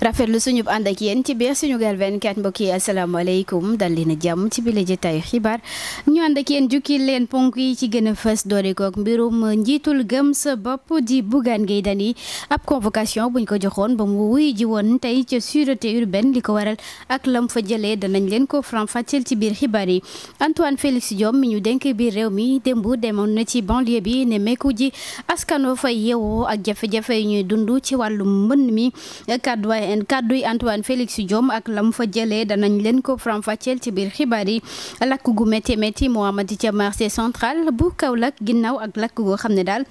rafetlu suñu ànd ak yéen ci biir Sunugal 24 mbokk yi asalaamaaleykum dal leen jàmm ci bile jotaayu xibaar ñu ànd ak jukki leen ponk yi ci gën a fës doore kook mbirum njiitul gëm sa bopp di Bougane Gueye Dany ab convocation buñ ko joxoon ba mu wuy ji woon tey ca sûreté urbaine li ko waral ak lam fa jëlee danañ leen ko faram-fàcceel ci biir xibaar yi Antoine Félix Diome mi ñu dénk biir rew mi démb demoon na ci banlieue bi ne mekku ji askano fay yewoo ak jafe yi ñuy dund ci wàllum mbënn mi RTN kàdduy Antoine Félix Diome ak la mu fa jëlee danañ leen ko faram-fàcceel ci biir xibaar yi lakk gu métti métti moo amati ca marché central bu Kaolack ginnaaw ak lakk goo xam ne daal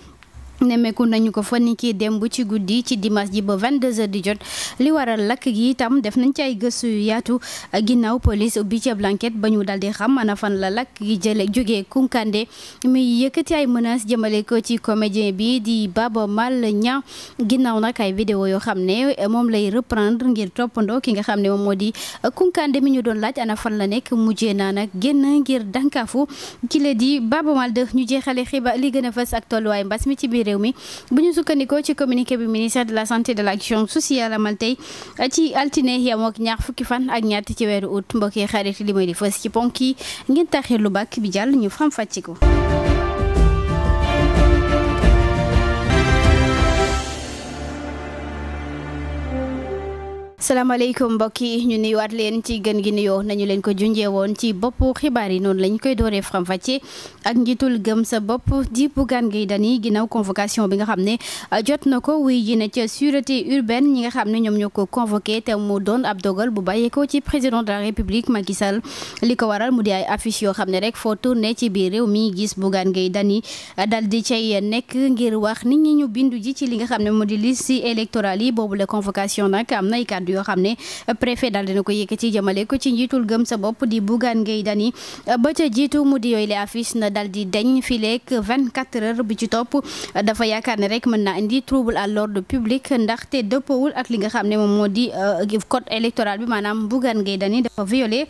nemmeeku nañu ko fa ni kii démb ci guddi ci dimanche ji ba 22h di jot li waral lakk gi itam def nañ ci ay gëstu yu yaatu ginnaw police ubbi ci ab enquête ba ñu daal di xam ana fan la lakk gi jële jógee Kunkande muy yëkkati ay menaces jëmale ko ci comédien bi di Baba Mal ña ginnaaw nag ay vidéo yoo xam ne moom lay reprendre ngir toppandoo ki nga xam ne moom moo di Kunkande mi ñu doon laaj ana fan la nekk mujjee naa nag génn ngir dànkaafu ki la di Baba Mal de ñu jeexale xibaar li gën a fës ak tolluwaay mbas mi ci biir réew mi bu ñu sukkandikoo ci communiqué bi ministère de la santé de l' action sociale amal tey ci altine yam ak ñaar fukki fan ak ñett ci weeru août mbokk yi xarit li may di fës ci ponk yi ngeen taxee lu bàkk bi jàll ñu fam fàcce ko salaamaaleykum mbokk yi ñu nuyuwaat leen ci gën gi nuyoo nañu leen ko junjee woon ci bopp xibaar yi noonu lañ koy dooree faram-fàccee ak njiitul gëm sa bopp di Bougane Gueye Dany ginnaaw convocation bi nga xam ne euh, jot na ko wuy ji ne ca sûreté urbaine ñi nga xam ne ñoom ñoo ko convoqué te mu doon ab dogal bu bàyyeekoo ci président de la république Macky Sall li ko waral mu di ay affice yoo xam ne rek foo tourné ci biir réew mi gis Bougane Gueye Dany dal di cay nekk ngir wax nit ñi ñu bindu ji ci li nga xam ne mu di liste électorale yi boobu la convocation nag am na yoo xam ne préfet daal dina ko yëkkati jëmale ko ci njiitul gëm sa bopp di Bougane Gueye Dany ba ca jiitu mu di yooyu le affiche na dal di deñ fileek 24 heures bi ci topp dafa yaakaar ne rek mën naa indi trouble à l'ordre public ndaxte dëppawul ak li nga xam ne moom moo di euh, code électoral bi maanaam Bougane Gueye Dany dafa violé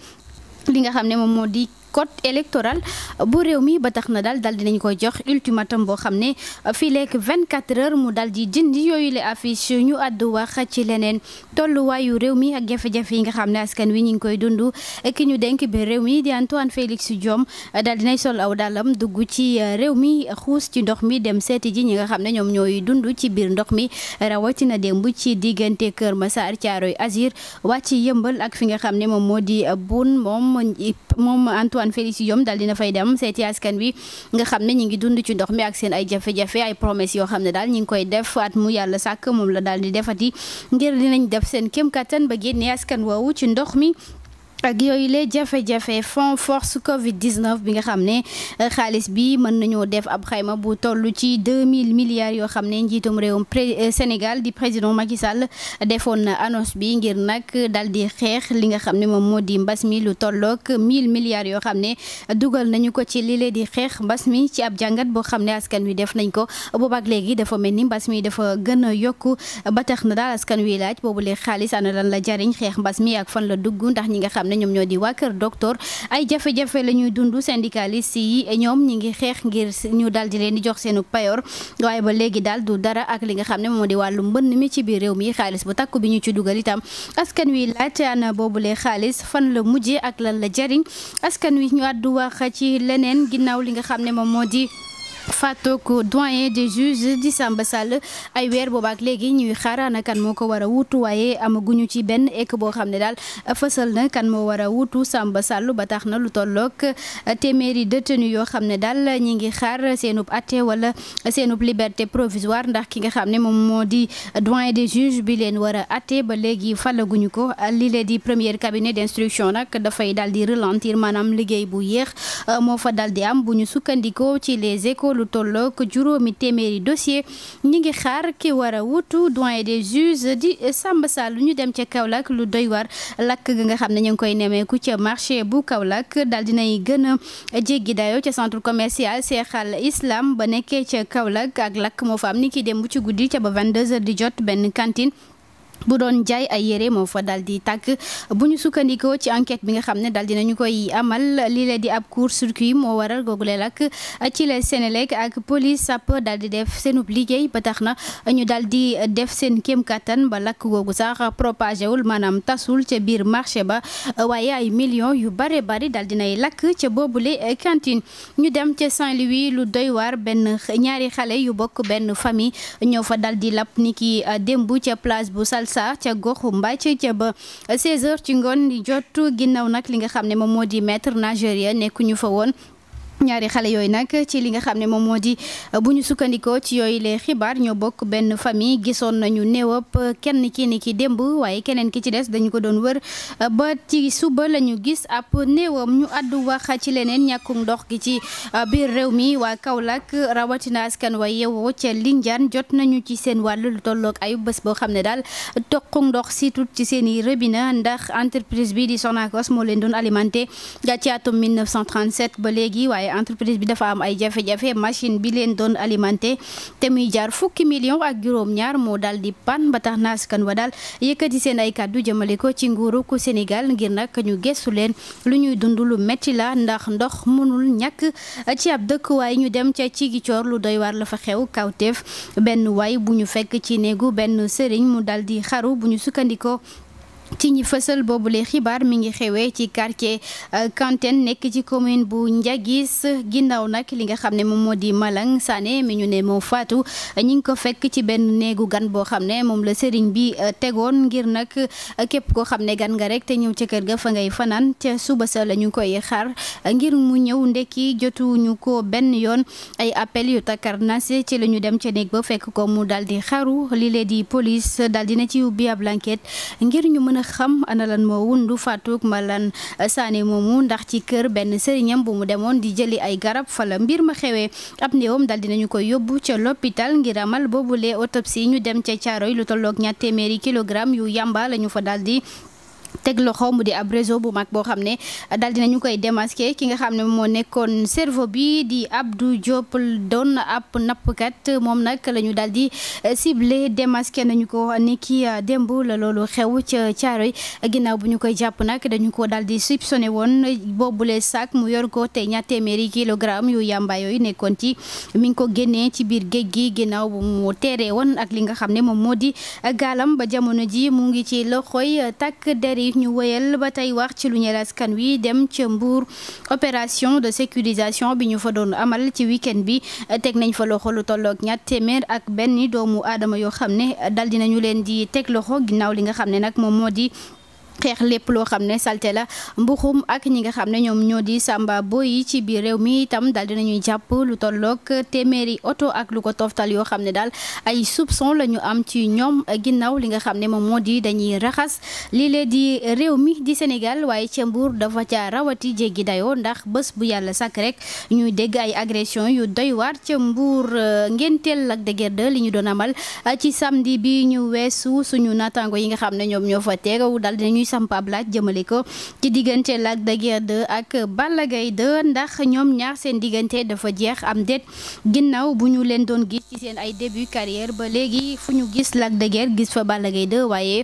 li nga xam ne moom moo di code électoral bu réew mi ba tax na daal dal dinañ koy jox ultimatum boo xam ne fii léegi 24 heures mu dal di dindi yooyu la affiche ñu àddu wax ci leneen tolluwaayu réew mi ak jafe-jafe yi nga xam ne askan wi ñu ngi koy dund ki ñu denk bi réew mi di Antoine Félix Diome dal di dinay sol aw dàllam dugg ci euh, réew mi xuus ci ndox mi dem seeti ji ñi nga xam ne ñoom ñooy dund ci biir ndox mi rawatina démb ci diggante Kër Massar Thiaroye Azur wàcc yëmbal ak fi nga xam ne moom moo di euh, bun moom moom Antoine Félix Diome daal dina fay dem seeti askan wi nga xam ne ñi ngi dund ci ndox mi ak seen ay jafe-jafe ay promesse yoo xam ne daal ñi ngi koy def at mu yàlla sàkk moom la dal di defati ngir dinañ def seen kem kattan ba génne askan woowu ci ndox mi ak yooyu lee jafe-jafe fond force Covid 19 bi nga xam ne euh, xaalis bi mën nañoo def ab xayma bu toll ci 2000 milliards yoo xam ne njiitum réewum euh, Sénégal di président Macky Sall defoon na annonce bi ngir nag dal di xeex li nga xam ne moom moo di mbas mi lu tollook 1000 milliards yoo xam ne dugal nañu ko ci li lee di xeex mbas mi ci ab jàngat boo xam ne askan wi def nañ ko boobaak léegi dafa mel ni mbas mi dafa gën a yokku ba tax na daal askan wi laaj boobu lee xaalis ana lan la jariñ xeex mbas mi ak fan la dugg ndax ñi nga xam na ne ñoom ñoo di waa kër docteur ay jafe-jafe la ñuy dund syndicaliste yi ñoom ñi ngi xeex ngir ñu daal di leen di jox seenu payoor waaye ba léegi daal du dara ak li nga xam ne moo di wàllu mbënn mi ci biir réew mi xaalis bu takku bi ñu ci dugal itam askan wi laajte boobu boobulee xaalis fan la mujjee ak lan la jariñ askan wi ñu àddu wax ci leneen ginnaaw li nga xam ne moom moo di faatoog doyen des juges di Samba Sall ay weer boobaak léegi ñuy xaar ana kan moo ko war a waaye amaguñu ci benn ek boo xam ne daal fësal na kan moo war a wuutu Samba Sall ba tax na lu tolloog téeméeri détenu yoo xam ne daal ñi ngi xaar seenub atte wala seenub liberté provisoire ndax ki nga xam ne moom moo di doyen de juges bi leen war a atte ba léegi falaguñu ko li leen di premier cabinet d'instruction nag dafay daal di relentir maanaam liggéey bu yéex tollook juróomi téeméeri dossier ñi ngi xaar ki war a wutu doyen des juges di samb Sall lu ñu dem ca Kaolack lu doy war lakk gi nga xam ne ñu ngi koy nemeeku ca marché bu Kaolack daal dinay gën a jéggi dayo ca centre commercial Seexal Islam ba nekkee ca Kaolack ak lakk moo fa am ni ki dem bu ci guddi ca ba 22h di jot benn cantine bu doon jaay ay yére moo fa daal di tàkk bu ñu sukkandikoo ci enquête bi nga xam ne daal di nañu koy amal lii la di ab court circuit moo waral googule lakk ci seen Sénélec ak police sàpp daal di def seenub liggéey ba tax na ñu daal di def seen kéem kattan ba lakk googu sax propagé wul maanaam tasul ca biir marché ba waaye ay millions yu bare bari daal nay lakk ca li cantine ñu dem ca Saint-Louis lu doy waar benn ñaari xale yu bokk benn famille Sarr ca goxu Mbaye ca ca ba 16 ci ngoon di jot naw nag li nga xam ne moom moo di maître nageur ya nekkuñu fa woon. ñaari xale yooyu nag ci li nga xam ne moom moo di uh, bu ñu sukkandikoo ci yooyu les xibaar ñoo bokk benn famille gisoon nañu néewab uh, kenn kii ni ki démb waaye keneen ki ci des dañu ko doon wër uh, ba ci suba la ñu gis ab néewam ñu àddu wax ci leneen ñàkkum ndox gi ci biir réew mi waa Kaolack rawatina askan wa yeewoo ca Lindiane jot nañu ci seen wàllu lu tolloog ayu bés boo xam ne daal toqu ndox si tut ci seen i robinet ndax entreprise bi di Sonacos moo leen doon alimenté ci atum 1937 ba léegi waaye waaye entreprise bi dafa am ay jafe-jafe machine bi leen doon alimenté te muy jaar fukki million ak juróom-ñaar moo daal di pan ba tax naaskan wa daal yëkkati seen ay kàddu jëmale ko ci nguuru ku Sénégal ngir nag ñu gëstu leen lu ñuy dund lu metti la ndax ndox mënul ñàkk ci ab dëkk waaye ñu dem ca cigicoor gi coor lu doy waar la fa xew kawteef benn waay bu ñu fekk ci néegu benn sëriñ mu daal di xaru bu ñu sukkandikoo ci ñi fësal lee xibaar mi ngi xewee ci quartier euh, Kantène nekk ci commune bu Ndiagis ginnaaw nag li nga xam ne moom moo di Malang Sané mi ñu ne moo faatu ñi ngi ko fekk ci benn néegu gan boo xam ne moom la sëriñ bi euh, tegoon ngir nag euh, képp koo xam ne gan nga rek te ñëw ca kër ga fa ngay fanaan ca suba sa lañu koy xaar ngir mu ñëw ndekki jotuñu ko benn yoon ay appel yu takkar nase ci la ñu dem ca néeg ba fekk ko mu daal di xaru li lee di police daal na ci ubbi mën a xam ana lan moo wundu faatug Malang Sané moomu ndax ci kër benn sëriñam bu mu demoon di jëli ay garab fala mbir ma xewee ab néewam dal dinañu koy yóbbu ca l'hôpital ngir amal boobulee autopsie ñu dem ca caaroy lu tolloog ñaar téeméeri kilogramme yu yamba lañu fa daldi teg loxo mu di ab réseau bu mag boo xam ne daal dinañu koy démasquer ki nga xam ne moo nekkoon cerveau bi di Abdou Diop doon ab nappkat moom nag la ñu daal di euh, ciblé démasquer nañu ko ni ki euh, démb la loolu xew ca Caaroy ginnaaw bu ñu koy jàpp nag dañu ko daal di soupçonné woon boobule sac mu yor ko te ñaar téeméeri kilogramme yu yàmba yooyu nekkoon ci mi ngi ko génnee ci biir géej gi ginnaaw bu mu li nga xam ne moom moo di gaalam ba jamono ji mu ngi ci loxoy euh, takk deri yi ñu wéyal ba tey wax ci lu ñeel kan wi dem ca Mbour opération de sécurisation bi ñu fa doon amal ci week bi teg nañ fa loxo lu tollook ñatt téeméer ak benn doomu aadama yoo xam ne daldi nañu leen di teg loxo ginnaaw li nga xam ne nag moom moo di xeex lépp loo xam ne salte la mbuxum ak ñi nga xam ne ñoom ñoo di samba boy yi ci biir réew mi itam daal dinañuy jàpp lu tolloog téeméeri oto ak lu ko toftal yoo xam ne daal ay soupçon la ñu am ci ñoom ginnaaw li nga xam ne moom moo di dañuy raxas lii lee di réew mi di Sénégal waaye ca Mbuur dafa ca rawati jéggi dayoo ndax bës bu yàlla sàkk rek ñuy dégg ay agression yu doy waar ca Mbuur euh, ngenteel ak dégerde li ñu doon amal euh, ci samedi bi ñu weesu suñu naataango samp ab laaj jëmale ko ci diggante Lac de Guiers ak Balla Gaye 2 ndax ñoom ñaar seen diggante dafa jeex am déet ginnaaw bu ñu leen doon gis ci seen ay début carrière ba léegi fu ñu gis Lac de Guiers gis fa Balla Gaye waaye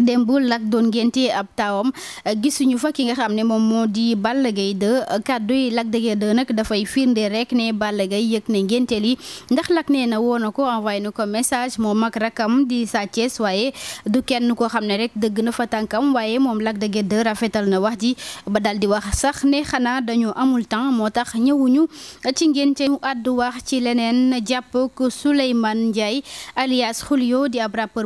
démb lak doon ngénte ab taawam euh, gisuñu fa ki nga xam ne moom moo di Balla Gaye 2 euh, kàddu yi Lac de Guiers 2 nag dafay firnde rek ne Balla Gaye yëg ne ngénte li ndax Lac nee na woo na ko envoyé na ko message moom ak rakam di Sa Thiès waaye du kenn koo xam ne rek dëgg na fa tànkam waaye moom Lac de Guiers rafetal na wax ji ba daal di wax sax ne xanaa dañu amul temps moo tax ñëwuñu ci ngénte ñu àddu wax ci leneen jàpp ko Souleymane Ndiaye alias Xulio di ab rappeur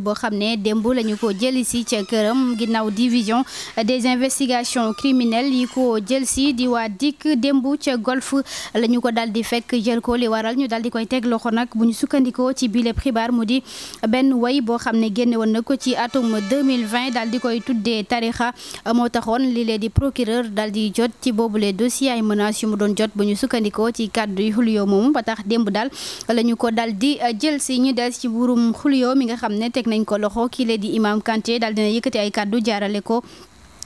fii ca këram ginnaaw division des investigations criminelles yi ko jël si di waa dikk démb ca golf la ñu ko dal di fekk jël ko li waral ñu dal di koy teg loxo nag bu ñu sukkandikoo ci biléb xibaar mu di benn way boo xam ne génne woon na ko ci atum 2020 dal di koy tuddee tarixa moo taxoon li lee di procureur dal di jot ci boobule dossier ay menaces yu mu doon jot bu ñu sukkandikoo ci kàddu yi xuluyoo moomu ba tax démb dal la ñu ko dal di jël si ñu des ci burum xuluyoo mi nga xam ne teg nañ ko loxo ki lee di imam Kanté dal de dina ay kàddu jaarale ko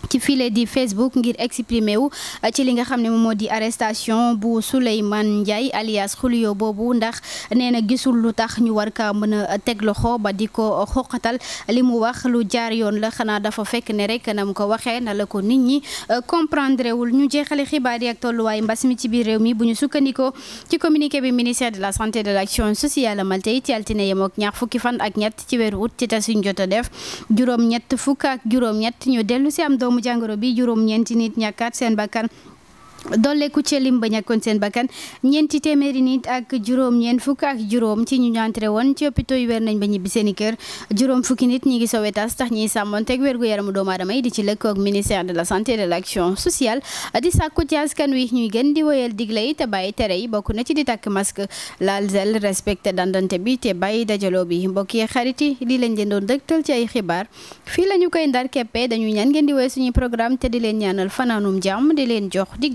ci file di Facebook ngir exprimé wu uh, ci li nga xam ne moom moo di arrestation bu Souleymane Ndiaye alias Xulio boobu ndax nee na gisul lu tax ñu war kaa mën a teg loxo ba di ko xoqatal li mu wax lu jaar yoon la xanaa dafa fekk ne rek na mu ko waxee na la ko nit ñi uh, comprendre wul ñu jeexale xibaar yi ak tolluwaay mbas mi ci biir réew mi bu ñu sukkandikoo ci communiqué bi ministère de la santé de l' action sociale Maltey ci altine yem ak ñaar fukki fan ak ñett ci weeru ut ci jot a def doomu jàngoro bi juróom-ñeenti nit ñàkkaat seen bakkan dolleeku ca lim ba ñàkkoon seen bakkan ñeenti téeméeri nit ak juróom ñeent fukk ak juróom ci ñu ñantre woon ci hôpitaux yu weer ba ñibbi seen i kër juróom fukki nit ñi ngi Sowétas tax ñiy sàmmonteeg wér gu yaramu doomu aadama di ci lëkkoog ministère de la santé et de l' action sociale di sàkku ci askan wi ñuy gën di woyal digle yi te bàyyi tere yi bokk na ci di takk masque laal zel respecté dandante bi te bàyyi dajaloo bi mbokk yi xarit yi lii lañ leen doon dëgtal ci ay xibaar fii la ñu koy ndar keppe dañu ñaan ngeen di woy suñuy programme te di leen ñaanal fanaanum jàmm di leen jox dig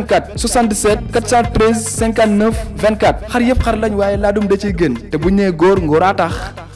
24 77 413 59 24 xar yëpp xar lañ waaye laa dum da gën bu ñu góor ngóoraa